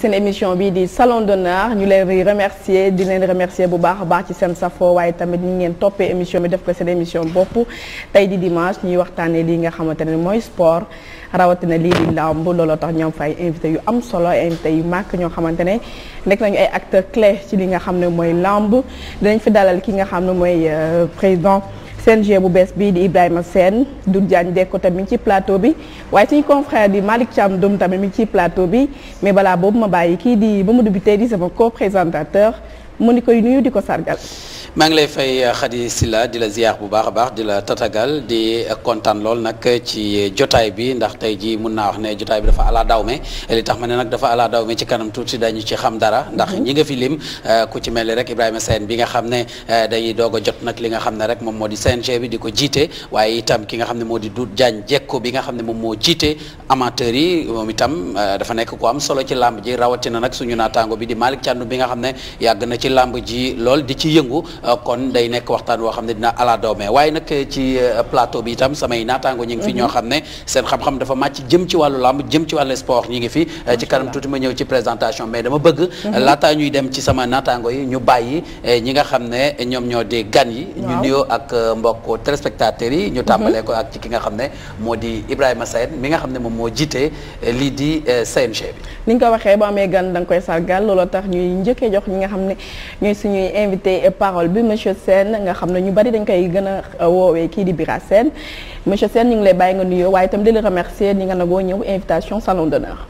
seen émission bii di salon d'honneur ñu leen di remercier di leen remercier bu baax a baax ci seen safoo waaye tamit ñi ngeen toppee émission bi def ko seen émission bopp tey di dimanche ñuy waxtaanee lii nga xamante ne mooy sport rawatina lii di làmb looloo tax ñoom ay invité yu am solo invité yu màgg ñoo xamante ne nekk nañu ay acteurs clés ci li nga xam ne mooy làmb dinañ fi dalal ki nga xam ne mooy euh, président CNG bu bees bii di Ibrahima Sène Doudou Diagne Diecko tamit ci plateau bi waaye suñu confrère di Malick Thiam Doum tamit mi ci plateau bi mais balaa boobu ma bàyyi kii di Mamadou Biteye di sama co-présentateur mu ni koy nuyu di ko sargal. maa ngi lay fay euh, Khady silla di la ziar bu baax a baax di la tatagal di euh, kontaan lool nag ci euh, jotaay bi ndax tey jii mun naa wax ne jotaay bi dafa ala daw me li tax ma ne nag dafa ala daw me ci kanam tuuti dañu ci xam dara ndax mhm. ñi nga fi lim ku ci mel ni rek Ibrahima Sène bi nga xam ne day doog jot nag li nga xam ne rek moom moo di CNG bi di ko jiite waaye itam ki nga xam ne moo di Doudou Diagne Diecko bi nga xam ne moom moo jiite amateur yi moom itam dafa nekk ku am solo ci làmb ji rawatina nag suñu naataango bi di Malick Thiandou bi nga xam ne yàgg na ci làmb ji lool di ci yëngu euh, kon day nekk waxtaan woo xam ne dina ala doome waaye nag euh, ci euh, plateau bi itam samay naataango ñi ngi fi mhm. ñoo xam ne seen xam-xam dafa màcc jëm ci wàllu làmb jëm ci wàllu sport ñi ngi fi ci kanam tuuti ma ñëw ci présentation mais dama bëgg mhm. laataa ñuy dem ci sama naataango yi ñu bàyyi ñi nga xam ne ñoom ñoo di gan yi ñu nuyoo ak mbokk téléspectateurs yi ñu mhm. tàmbalee ko ak ci ki nga xam ne moo di Ibrahima Sène mi nga xam ne moom moo jiite lii di CNG bi ni nga waxee boo amee gan da koy sargal looloo tax ñuy njëkkee jox ñi nga ñooy suñuy invité parole bi monsieur Sène nga xam ne ñu bari dañ koy gën a euh, woowee kii di Bira Sène monsieur Sène ñu ngi lay bàyyi nga nuyoo waaye itam di la remercier ni nga nagoo ñëw invitation salon d'honneur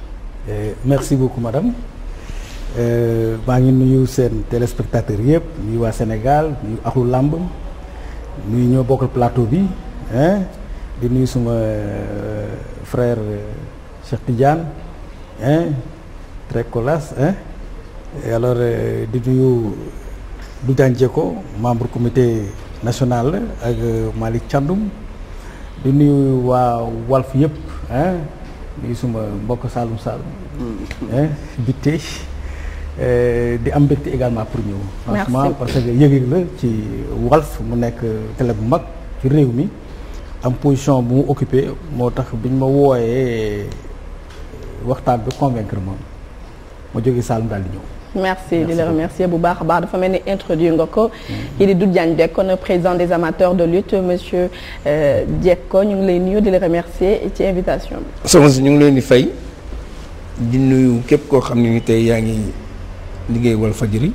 eh, merci beaucoup madame euh, maa ngi nuyu seen téléspectateur yëpp nuyu waa Sénégal nuyu axlu làmb nuyu ñoo bokkal plateau bi di nuyu suma euh, frère Cheikh Tidiane colas et alors euh, du nuyu Doudiane Diécko membre comité national ak euh, Malick Thiandoum du nuyu waa Walf yëpp ah nuyu suma mbokk Saalum Saalum. Mm. Bitté euh, di am mbégte également pour ñëw. franchement parce que yëg-yëg la ci Walf mu nekk télé bu mag ci réew mi am position bu mu occupé moo tax biñ ma wooyee waxtaan bi convaincre ma ma jógee Saalum daal di ñëw. merci di la remercier bu baax a baax dafa mel ni introduit nga ko. Mm-hmm. kii di Doudou Diagne Diecko na président des amateurs de lutte monsieur euh, Diecko ñu ngi lay nuyu di la remercier ci invitation bi. soxna si ñu ngi leen di fay di nuyu képp koo xam ne ni tey yaa ngi liggéey Walf Fadjri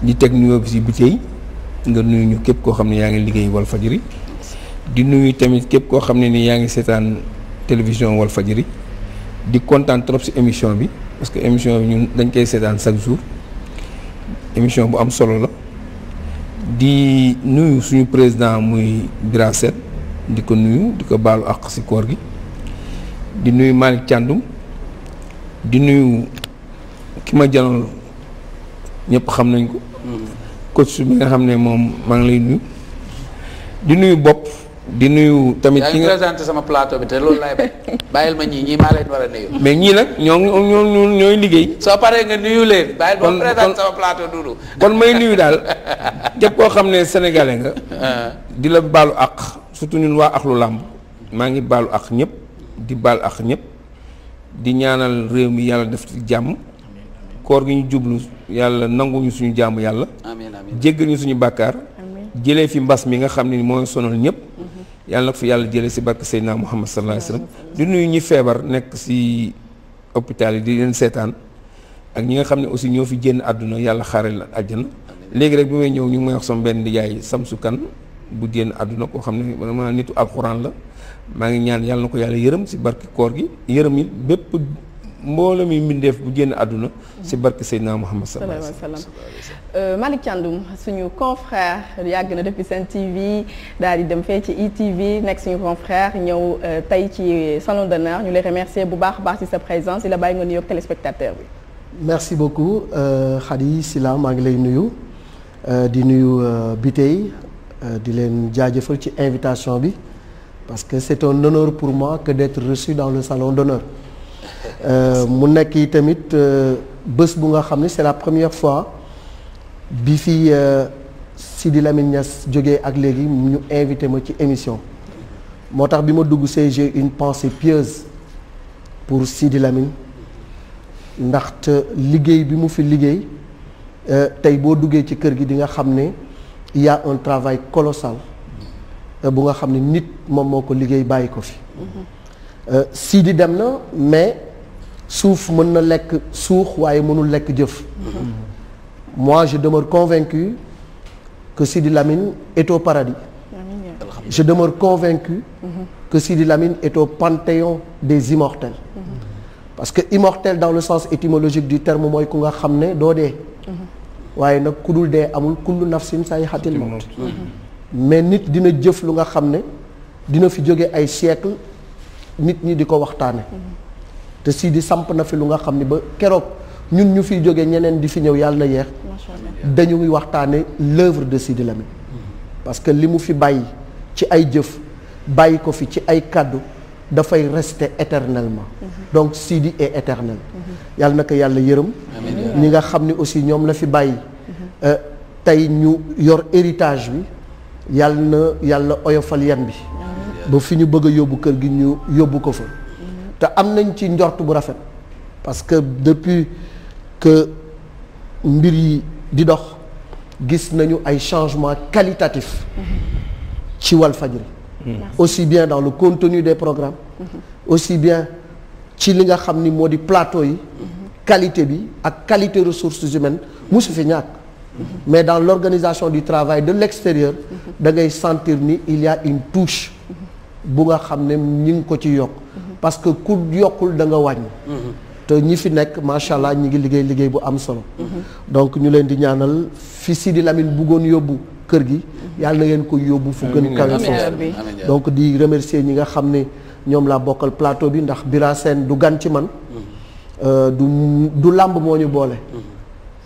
di teg nuyoo bi si nga nuyu ñu képp koo xam ne yaa ngi liggéey Walf Fadjri di nuyu tamit képp koo xam ne ni yaa ngi seetaan télévision Walf fajiri di kontaan trop si émission bi. parce que émission bi ñun dañ koy seetaan chaque jour émission bu am solo la di nuyu suñu président muy Bira Sène di ko nuyu di ko baalu àq si koor gi di nuyu Malick Thiandoum di nuyu ki ma janool ñëpp xam nañ ko mm. coach bi nga xam ne moom maa ngi lay nuyu di nuyu bopp di nuyu tamit ki nga présenté sama plateau bi te loolu laay bàyyil ma ñii ñii maa a mais ñii nag ñoo ñoo ñooy liggéey. soo paree nga nuyu leen. bàyyil ma présenté kon may nuyu daal képp koo xam ne sénégalais nga. Ah. di la baalu àq surtout ñun waa àq lu maa ngi baalu àq ñëpp di baal àq ñëpp di ñaanal réew mi yàlla def ci jàmm. koor gi ñu jublu yàlla nanguñu suñu jàmm yàlla. amiin amiin jéggal ñu suñu bàkkaar. jëlee fi mbas mi nga xam ne mooy sonal ñëpp. yàlla na ko fi yàlla jëlee si barke Seydina Muhammad sallallahu alayhi wasallam di nuyu ñi feebar nekk si hôpital yi di leen seetaan ak ñi nga xam ne aussi ñoo fi génn àdduna yàlla xaaral àjjana léegi rek bi may ñëw ñu ngi may wax sama benn nijaay Samsu Kan bu génn àdduna koo xam ne vraiment nitu alxuraan la maa ngi ñaan yàlla na ko yàlla yërëm si barke koor gi yërëm it bépp mbooloo mi mbindeef bu génn àdduna si barke Seydina Muhammad sallallahu alayhi wa sallam Malick Thiandoum suñu confrère yàgg na depuis Sen TV daal di dem fee ci ITV nekk suñu confrère ñëw euh, tey ci salon d'honneur ñu lay remercier bu baax baax ci sa présence di la bàyyi nga nuyoog téléspectateur bi merci beaucoup euh, Khady Sila maa ngi lay nuyu euh, di nuyu Bitey di leen jaajëfal ci invitation bi parce que c'est un honneur pour moi que d'être reçu dans salon d'honneur Euh, mu nekk yi tamit euh, bés bu nga xam ne c'est la première fois bi fi euh, Sidi Lamine Niass jóge ak léegi ñu invité ma ci émission moo tax bi ma dugg j'ai une pensée pieuse pour Sidi ndax ndaxte liggéey bi mu fi liggéey tey boo duggee ci kër gi di nga xam ne il y a un travail colossal bu nga xam ne nit moom moo ko liggéey bàyyi ko fi mm-hmm. Sidi dem na mais suuf mën na lekk suux waaye mënul lekk jëf mois je demeure convaincu que Sidi Lamine est au paradis je demeure convaincu que Sidi Lamine est au panthéon des immortels parce que immortel dans le sens étymologique di terme mooy ku nga xam ne doo dee waaye nag ku dul dee amul kullu nafsin sayhatil mawt mais nit dina jëf lu nga xam ne dina fi jóge ay siècle nit ñi di ko waxtaane te Sidi samp na fi lu nga xam ni ba keroog ñun ñu fiy jóge ñeneen di fi ñëw yàlla na yeex dañu ngi waxtaane l'œuvre de Sidi Lamine parce que li mu fi bàyyi ci ay jëf bàyyi ko fi ci ay kàddu dafay rester éternellement mhm. donc Sidi est éternel mhm. yàlla na ko yàlla yërëm ñi nga xam ni aussi ñoom la fi bàyyi mhm. euh, tey ñu yor héritage bi yàlla na yàlla oyofal yan bi ba fi ñu bëgg yóbbu kër gi ñu yóbbu ko fa te am nañ ci njort bu rafet parce que depuis que mbir yi di dox gis nañu ay changements qualitatif ci Walfadjri aussi bien dans le contenu des programme mm-hmm. aussi bien ci li nga xam ni moo di plateau yi mm-hmm. qualité bi ak qualité ressources humaines su fi ñàkk mm-hmm. mais dans l'organisation du travail de l'extérieur da ngay sentir ni il y une touche bu nga xam ne ñu ngi ko ci yokk parce que ku yokkul danga nga wàññi. Mm-hmm. te ñi fi nekk macha allah ñi ngi liggéey liggéey bu am solo. Mm-hmm. donc ñu leen di ñaanal fi di Lamine buggoon yóbbu kër gi. Mm-hmm. yàlla na ngeen ko yóbbu fu gën kawe foofu donc di remercier ñi nga xam ne ñoom laa bokkal plateau bi ndax Bira Sène du gan ci man. Euh, du du làmb moo ñu boole.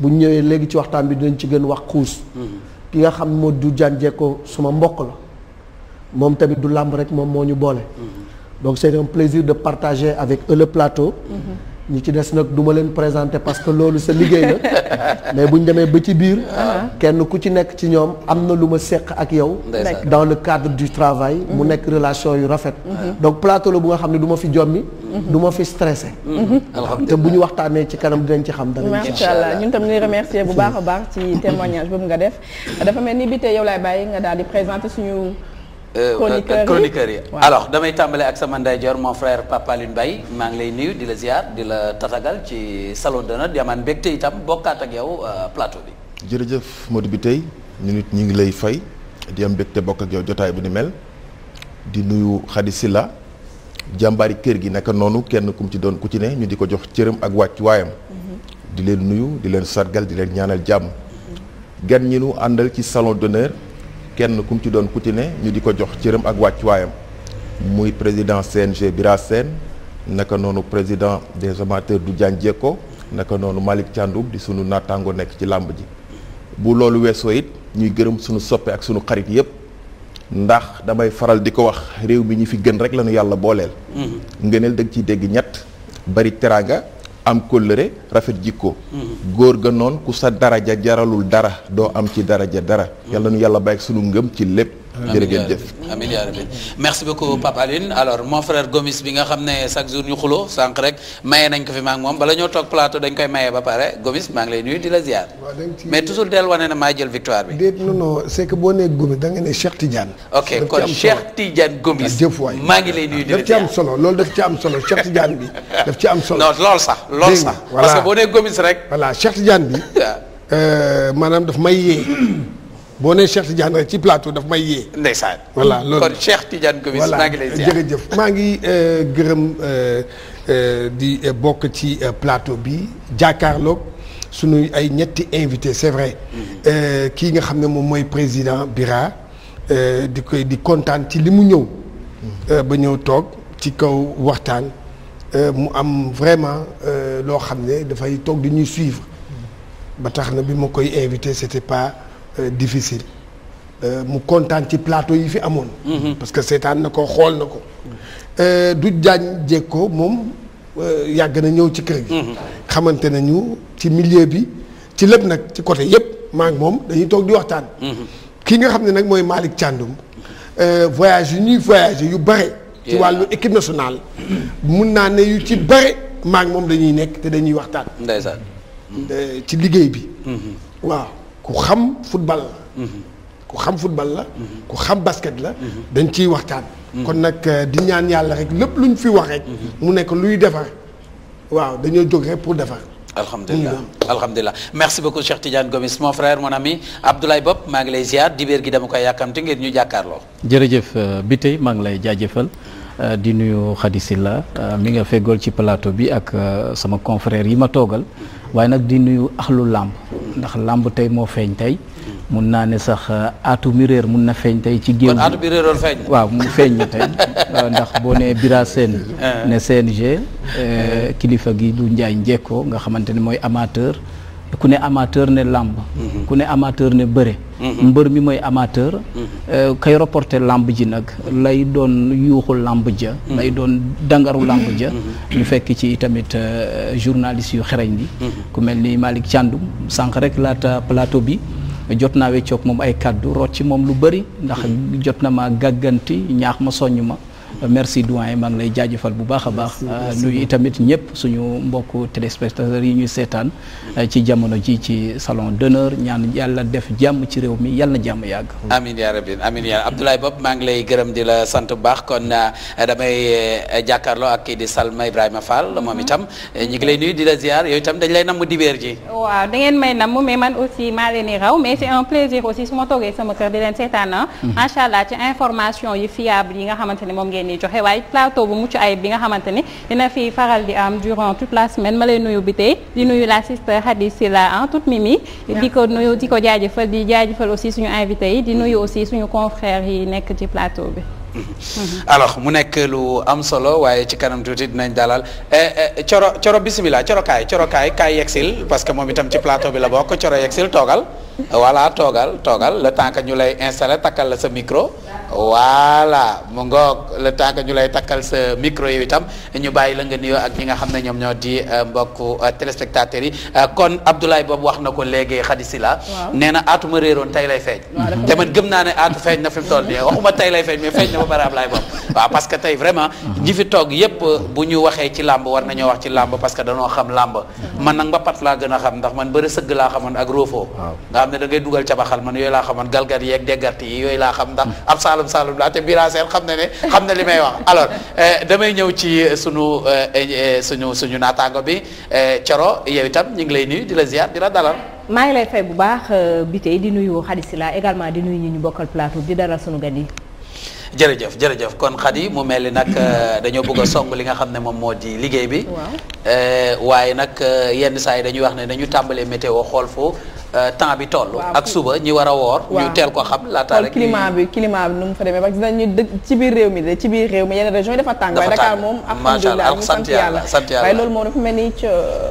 bu ñëwee léegi ci waxtaan bi dinañ ci gën wax xuus. ki nga xam moo du jànjee ko suma mbokk la moom tamit du làmb rek moom moo ñu boole. donc c'est un plaisir de partager avec eux le plateau. ñi ci des nag du ma leen présenter parce que loolu sa liggéey la mais bu ñu demee ba ci biir. Ah. kenn ku ci nekk ci ñoom am na lu ma seq ak yow. dans le cadre du travail. mu mhm. nekk relation yu rafet. Mhm. Ah. donc plateau la bu nga xam ne duma ma fi jommi. Mhm. du ma fi stressé. te bu ñu waxtaanee ci kanam dinañ ci xam dara. macha allah ñun tam ñuy remercier bu baax a baax ci témoignage boobu nga def dafa mel ni bi tey yow laay bàyyi nga daal di présenter suñu. Euh, euh, chroniqueurs yi chroniqueurs alors damay tàmbali ak sama ndeyjoor mon frère Papa Alioune maa ngi lay nuyu di la ziar di la tatagal ci salon d'honneur di amaan mbégte itam yow euh, plateau jërëjëf Modou ñu ñu ngi lay fay di am mbégte bokk ak yow jotaay bu ni mel di nuyu Khady Silla jàmbaari kër gi naka noonu kenn kum ci doon ku ci ne ñu di ko jox cëram ak wàcc waayam. Mm-hmm. di leen nuyu di leen sargal di leen ñaanal jàmm. gan ñi nu àndal ci salon d'honneur kenn ku kum ci doon ku ñu di ko jox cëram ak wàccuwaayam muy président CNG Bira Sène naka noonu président des amateurs du Dianjeko naka noonu Malick Thiandoum di suñu naataango nekk ci làmb ji bu loolu weesoo it ñuy gërëm suñu soppe ak suñu xarit yépp ndax damay faral di ko wax réew mi ñu fi gën rek lañu yàlla booleel mm-hmm. ngëneel da ci dégg ñett bari teraanga am kóllëre rafet jikko mm-hmm. góor ga noon ku sa daraja jaralul dara doo am ci daraja dara mm-hmm. yàlla nu yàlla bàyyi sunu ngëm ci lépp jërë ngeen jëf amiin merci beaucoup Pape alors mon frère Gomis bi nga xam ne chaque jour ñu xuloo sànq rek maye nañ ko fi maa ngi moom bala ñoo toog plateau dañ koy maye ba pare Gomis maa ngi lay nuyu di la ziar mais toujours del wane ne maa jël da nga ah, ngi lay nuyu di la ci am solo loolu daf ci am solo Cheikh Tidiane bi daf ci am solo non sax loolu sax parce boo nee Gomis rek voilà Cheikh Tidiane bi euh, maanaam daf may yee boo nee Cheikh Tidiane rek ci plateau daf may yee. ndeysaan voilà loolu kon Cheikh Tidiane Gomis maa ngi jërëjëf maa ngi euh, gërëm euh, euh, di bokk ci plateau bi jàkkaarloog suñu ay ñetti invité c'est vrai. Mm-hmm. kii nga xam ne moom mooy président Bira di koy di kontaan ci li mu ñëw. Mm-hmm. ba ñëw toog ci kaw waxtaan mu am vraiment loo xam ne dafay toog di ñuy suivre mm-hmm. ba tax na bi ma koy invité c'était pas. Euh, difficile euh, mu kontaan ci plateau yi fi amoon. Mhm. parce que seetaan na ko xool na ko. du jaañ jekko moom euh, yàgg na ñëw ci kër gi. Mhm. xamante nañu ci millier bi ci lépp nag ci côté yëpp maa moom dañuy toog di waxtaan. Mhm. ki nga xam ne nag mooy Malick Thiandoum voyage yu ñuy voyagé yu bare. ci wàllu équipe nationale. mun naa ne yu ci bare maak ngi moom dañuy nekk te dañuy waxtaan. ndeysaan. ci liggéey bi. waaw. ku xam football la ku xam football la ku xam basket la dañ ciy waxtaan kon nag euh, di ñaan yàlla rek lépp ñu fi wax rek mu nekk luy defar waaw dañoo jóg rek pour defar alhamdulilah alhamdulilah merci beaucoup Cheikh Tidiane Gomis mon frère mon ami Abdoulaye Bob maa ngi lay ziar dibéer gi dama koy yàkkamti ngir ñu jàkkaarloo jërëjëf euh, bi tey maa ngi lay jaajëfal Euh, di nuyu Khady Sylla euh, mi nga feggool ci plateau bi ak euh, sama confrère yi ma toogal waaye nag di nuyu axlu làmb ndax làmb tey moo feeñ tey mun naa ne sax atu mi mun na feeñ tey ci géew bi waaw mu feeñ tey ndax boo ah. ne bira seen ne CNG kilifa gi du Njaay Njekko nga xamante ne mooy amateur ku ne amateur ne làmb mm-hmm. ku ne amateur ne bëre mm-hmm. mbër mi mooy amateur mm-hmm. euh, kay reporter làmb ji nag lay doon yuuxu làmb ja lay doon dangaru làmb ja ñu fekk ci tamit euh, journaliste yu xereñ bi ku mel ni Malick Thiandoum sànq rek laata plateau bi jot naa weccoog moom ay kàddu root ci moom lu bëri ndax jot na ma gàgganti ñaax ma soññ ma merci doyen maa ngi lay jaajëfal bu baax a baax euh, nuyu itamit ñëpp suñu mbokk téléspectateurs yi ñuy seetaan euh, ci jamono ji ci salon d'honneur ñaan yàlla def jàmm ci réew mi yàlla na jàmm yàgg amin yaa rabbi amin yaa Abdoulaye Bob maa ngi lay gërëm di la sant baax kon euh, damay jàkkaarloo ak kii di Salma Ibrahima Fall moom mm-hmm. itam ñu ngi lay nuyu di la ziar yooyu tam dañ lay namm dibéer ji waaw da ngeen may namm mais man aussi maa leen di raw mais c'est un plaisir aussi ma toogee sama kër di leen seetaan ah. mm-hmm. macha allah ci information ngeen ni joxe waaye plateau bu mucc ayib bi nga xamante ni dina fi faral di am durant toute la semaine ma lay nuyu bi tey di nuyu la sister Hadi Sila ah toute mimi di ko nuyu di ko jaajëfal di jaajëfal aussi suñu invité yi di nuyu mm-hmm. aussi suñu confrères yi nekk ci plateau bi mm-hmm. alors mu nekk lu am solo waaye ci kanam tuuti dinañ dalal eh, eh, coro coro bisimilah coro kaay coro kaay kaay yegsil parce que moom itam ci plateau bi la bokk coro yegsil toogal voilà toogal toogal le temps que ñu lay installé takkal la sa micro. voilà mu ngoog le temps que ñu lay takkal sa micro yi itam ñu bàyyi la nga nuyoo ak ñi nga xam ne ñoom ñoo di euh, mbokk euh, téléspectateurs yi euh, kon Abdoulaye boobu wax na ko léegi si la. waaw nee na aatu réeroon tey lay feeñ. te man gëm naa ne aatu feeñ na fi mu toll waxuma tey lay feeñ mais feeñ na ba bari Abdoulaye boobu. waaw parce tey vraiment. ñi fi toog yépp bu ñu waxee ci làmb war nañoo wax ci làmb parce que danoo xam làmb. man nag mbapat laa gën a xam ndax man bëri sëgg laa xamoon ak xam da ngay dugal cabaxal man yooyu laa xam xamoon galgar yeeg déggarti yi yooyu laa xam ndax ab saalum saalum laa te biira seen xam ne ne xam ne li may wax alors euh, damay ñëw ci euh, sunu euh, suñu suñu naataango bi Coro yow itam ñu ngi lay nuyu di la ziar di la dalal maa ngi lay fay bu baax bi tey di nuyu Hadisila également di nuyu ñu bokkal plateau di dalal sunu gan yi jërëjëf jërëjëf kon Khady mu mel ni nag euh, dañoo bëgg a song li nga xam ne moom moo di liggéey bi. Euh, waaye nag euh, yenn saa yi dañuy wax ne dañu tàmbalee météo xool fu temps bi toll. ak suba ñi war a woor. ñu teel ko xam laata rek. climat bi climat bi nu mu fa demee parce que dinañu dëgg ci biir réew mi de ci biir réew mi yenn région yi dafa tàng. dafa tàng waaye Dakar moom. alhamdulilah sant yàlla sant yàlla waaye loolu moom dafa mel ni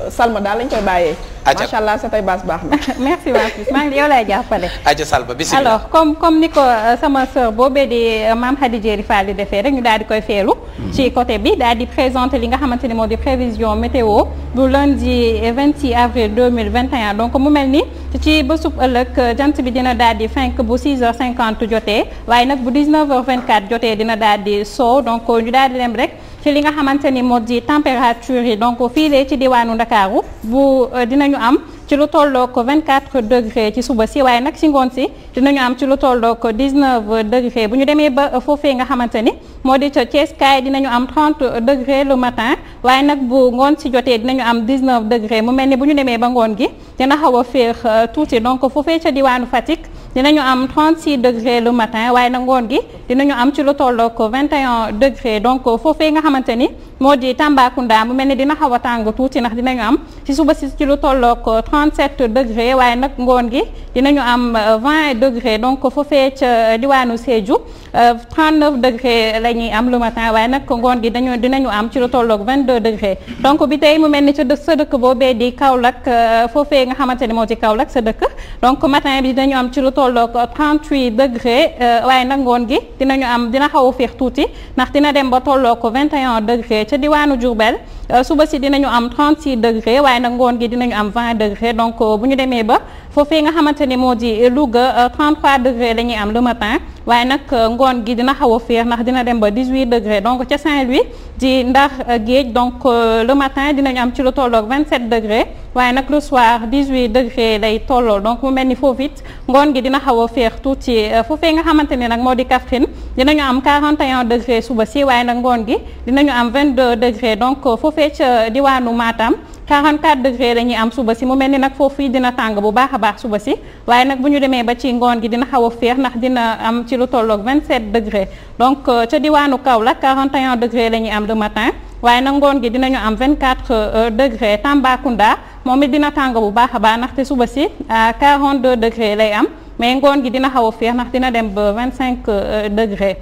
salma daal lañ koy bàyyee. macha allah sa tay baas baax na. merci beaucoup maa ngi yow lay jàppale. Adja Salba bisimilah alors comme comme ni ko euh, sama sœur boobee di euh, maam Khady Diéry Fall di defee rek ñu daal di koy feelu. Mhm. ci côté bi daal di présenter li nga xamante ni moo di prévision météo bu lundi 26 avril 2021 donc mu mel ni ci bësu ëllëg euh, jant bi dina daal di fenk bu 6h50 jotee waaye nag bu 19h24 jotee dina daal di soow donc ñu daal di dem rek. ci li nga xamante ni moo di température yi donc fii lee ci diwaanu Ndakaaru bu euh, dinañu am ci lu tolloo ko tollook 24 degré ci suba si waaye nag si ngoon si dinañu am ci lu ko dix 19 degré bu ñu demee ba euh, foofee nga xamante ni moo di ca Thiès kaay dinañu am 30 degré le matin waaye nag bu ngoon si jotee dinañu am 19 degré mu mel ni bu ñu demee ba ngoon gi te xaw a féex euh, tuuti donc foofee ca diwaanu Fatick. dinañu am 36 degrés le matin waaye na ngoon gi dinañu am ci lu tolloog 21 degrés donc foofee nga xamante ni moo di Tambacounda mu mel ni dina xaw a tàng tuuti ndax dinañu am ci suba si ci lu tolloog 37 degré waaye nag ngoon gi dinañu am 20 euh, degré donc foofee ca euh, diwaanu Sédhiou 39 euh, degré la ñuy am le matin waaye nag ngoon gi dañu dinañu am ci lu tolloog 22 degré donc bi tey mu mel ni ca sa dëkk boobee di Kaolack foofee nga xamante ni moo di Kaolack sa dëkk donc matin bi dinañu ci lu tolloog 38 degré waaye nag ngoon gi dinañu am dina xaw a féex tuuti ndax dina dem ba tolloog 21 degré ca diwaanu Diourbel Euh, suba si dinañu am 36 degré waaye nag ngoon gi dinañu am 20 degré donc euh, bu ñu demee ba foofee nga xamante ni moo di Louga 33 euh, degré la ñuy am le matin waaye nag ngoon gi dina xaw a féer ndax dina dem ba 18 degré donc ca Saint-Louis di Ndar Géej donc le matin dinañu am ci lu tolloog 27 degré waaye nag le soir 18 degré lay tollool donc mu mel ni foofu it ngoon gi dina xaw a féer tuuti foofee nga xamante ni nag moo di Kaffrine dinañu am 41 degré suba si waaye nag ngoon gi dinañu am 22 degré donc foofee ca diwaanu Matam 44 degré la ñuy am suba si mu mel ni nag foofu yi dina tàng bu baax a baax suba si waaye nag bu ñu demee ba ci ngoon gi dina xaw a féex ndax dina am ci lu tolloog 27 degré donc euh, ca diwaanu Kaolack 41 degré la ñuy am le matin waaye nag ngoon gi dinañu am vingt 24 euh, degré Tambacounda moom it dina tàng bu baax a baax ndaxte suba si 42 degré lay am mais ngoon gi dina xaw a féex ndax dina dem ba 25 euh, degré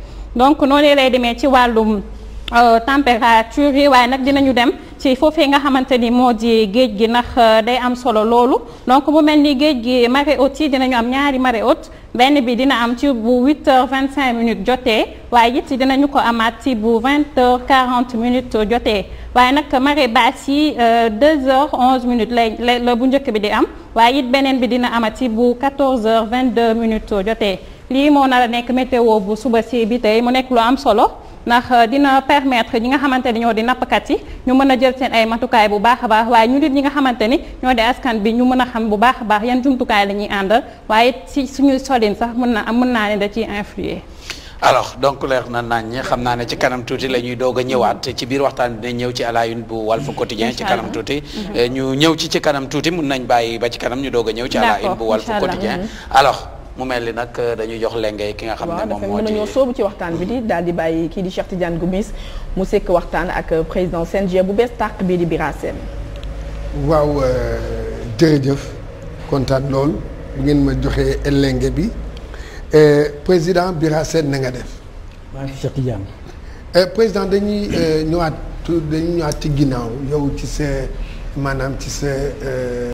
Euh, température yi waaye nag dinañu dem ci foofee nga xamante ni moo di géej gi ndax euh, day am solo loolu donc mu mel ni géej gi marée haute yi dinañu am ñaari marée haute benn bi dina am ci bu 8 vingt cinq minutes jotee waaye it dinañu ko amaat ci bu 20 heures 40 minutes jotee waaye nag marée basse yi 2 euh, heures 11 minutes lay la bu njëkk bi di am waaye it beneen bi dina amat ci bu 14 vingt 22 minutes jotee lii moo nar a nekk météo bu suba si bi tey mu nekk lu am solo. ndax euh, dina permettre ñi nga xamante ni ñoo di nappkat yi ñu mën a jël seen ay matukaay bu baax a baax waaye ñu nit ñi nga xamante ni ñoo di askan bi ñu mën a xam bu baax a baax yan jumtukaay lañuy àndal waaye ci suñuy solin sax mën na am mën naa ne da ciy influer alors donc leer na nañ xam naa ne ci kanam tuuti la ñuy doog a ñëwaat ci biir waxtaan bi dinañ ñëw ci à la une bu Walf Quotidien ci kanam tuuti mhm. euh, ñu ñëw ci ci kanam tuuti mun nañ bàyyi ba ci kanam ñu doog a ñëw ci à la une bu Walf Quotidien mhm. mu mel nag euh, dañuy jox lengay ki nga xam ne moom moo ci soobu ci waxtaan bi di daal di bàyyi kii di Cheikh Tidiane Gomis mu sekk waxtaan ak euh, président CNG bu bees tàq bii di Bira Sène waaw euh, jërëjëf kontaan lool bu ngeen ma joxee lenge bi président Bira nanga def. maa Cheikh Tidiane. président dañuy ñëwaat dañuy ñëwaat ci ginnaaw yow ci sa maanaam ci sa.